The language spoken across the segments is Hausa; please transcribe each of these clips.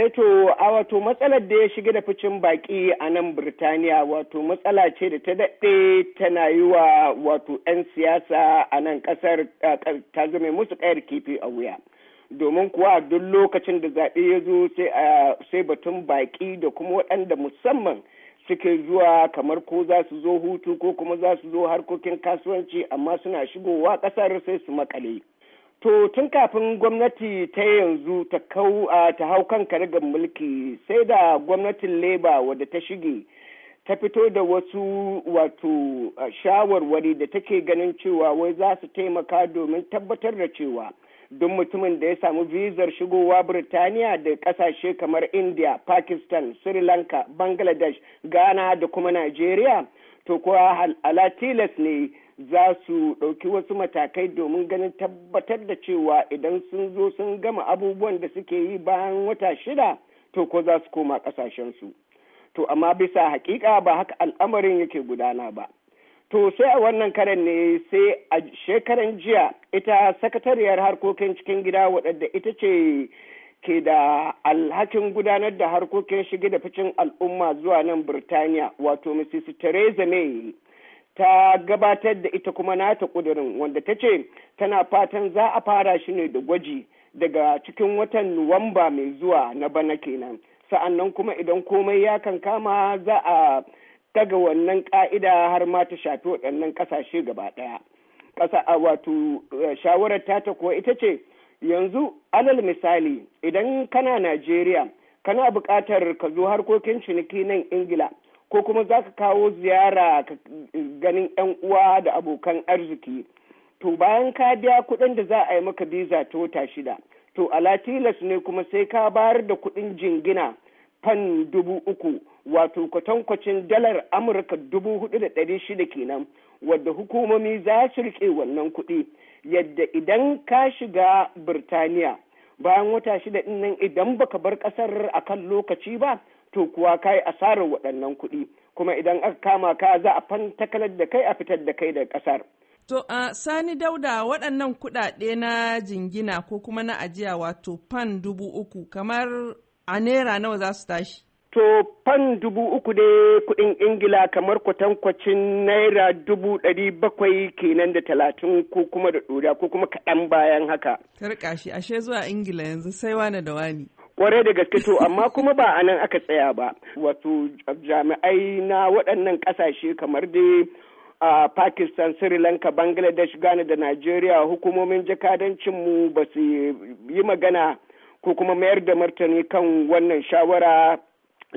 Eh a wato matsalar da ya shiga da ficin baki a nan Birtaniya wato matsala ce da ta daɗe tana yi wa wato 'yan siyasa a nan ƙasar ta zama musu ƙayar kifi a wuya. Domin kuwa duk lokacin da zaɓe ya zo sai batun baki da kuma waɗanda musamman suke zuwa kamar ko za su zo hutu ko kuma za su zo harkokin kasuwanci amma suna shigowa ƙasar sai su makale. To tun kafin gwamnati ta yanzu ta ta hau kan karagar mulki sai da gwamnatin leba wadda ta shige ta fito da wasu wato shawarwari da take ganin cewa wai za su taimaka domin tabbatar da cewa don mutumin da ya samu vizar shigowa Birtaniya da kasashe kamar India, Pakistan, Sri Lanka, Bangladesh, Ghana da kuma nigeria to kuwa ala tilas ne za su ɗauki wasu matakai domin ganin tabbatar da cewa idan sun zo sun gama abubuwan da suke yi bayan wata shida to ko za su koma ƙasashensu. To amma bisa hakika ba haka al'amarin yake gudana ba. To sai a wannan karen ne sai a shekaran jiya ita sakatariyar harkokin cikin gida waɗanda ita ce ke da alhakin gudanar da harkokin shige da ficin al'umma zuwa nan Birtaniya wato Mrs. Theresa May ta gabatar da ita kuma nata kudirin wanda ta ce tana fatan za a fara shi ne da gwaji daga cikin watan nuwamba mai zuwa na bana kenan sa'annan kuma idan komai ya kankama za a daga wannan ka'ida har ma ta shafi waɗannan ƙasashe gaba ɗaya ƙasa a wato eh, shawarar tata kuwa ita ce yanzu alal misali idan kana najeriya kana buƙatar ka zo harkokin ciniki nan ingila ko kuma za ka kawo ziyara ganin 'yan uwa da abokan arziki to bayan ka biya kuɗin da za a yi maka biza ta wata shida to a ne kuma sai ka bayar da kuɗin jingina fan dubu uku wato kwatankwacin dalar amurka dubu hudu da ɗari shida kenan wadda hukumomi za su rike wannan kuɗi yadda idan ka shiga birtaniya bayan wata shida ɗin nan idan baka bar ƙasar akan lokaci ba to kuwa ka yi asarar waɗannan kuɗi kuma idan aka kama ka za a fantakalar da kai a fitar da kai daga ƙasar. To a Sani Dauda waɗannan kuɗaɗe na jingina ko kuma na ajiya wato fan dubu uku kamar a naira nawa za su tashi? To fan dubu uku dai kuɗin Ingila kamar kwatankwacin naira dubu ɗari bakwai kenan da talatin ko kuma da ɗoda ko kuma kaɗan bayan haka. Karkashi ashe zuwa Ingila yanzu sai wane da wani. kwarai da gaske to amma kuma ba a nan aka tsaya ba wato jami'ai na waɗannan ƙasashe kamar dai a pakistan sri lanka bangladesh ghana da nigeria hukumomin jakadancinmu ba su yi magana ko kuma mayar da martani kan wannan shawara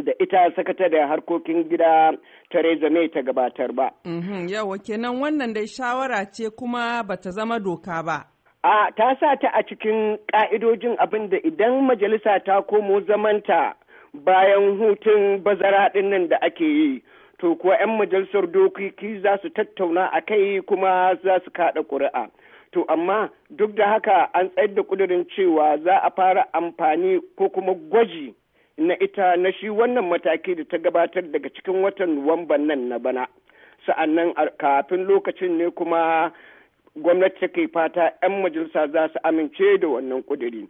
da ita sakatare harkokin gida Theresa May ta gabatar ba. Mhm, Yawa kenan wannan dai shawara ce kuma bata zama doka ba. a ta sa ta a cikin ƙa'idojin abin da idan majalisa ta komo zamanta bayan hutun bazara ɗin nan da ake yi to kuwa 'yan majalisar dokoki za su tattauna a kai kuma za su kaɗa ƙuri'a to amma duk da haka an tsayar da ƙudurin cewa za a fara amfani ko kuma gwaji na ita na shi wannan mataki da ta gabatar daga cikin watan nuwamban nan na bana sa'annan kafin lokacin ne kuma gwamnati ke fata 'yan majalisa za su amince da wannan kudirin.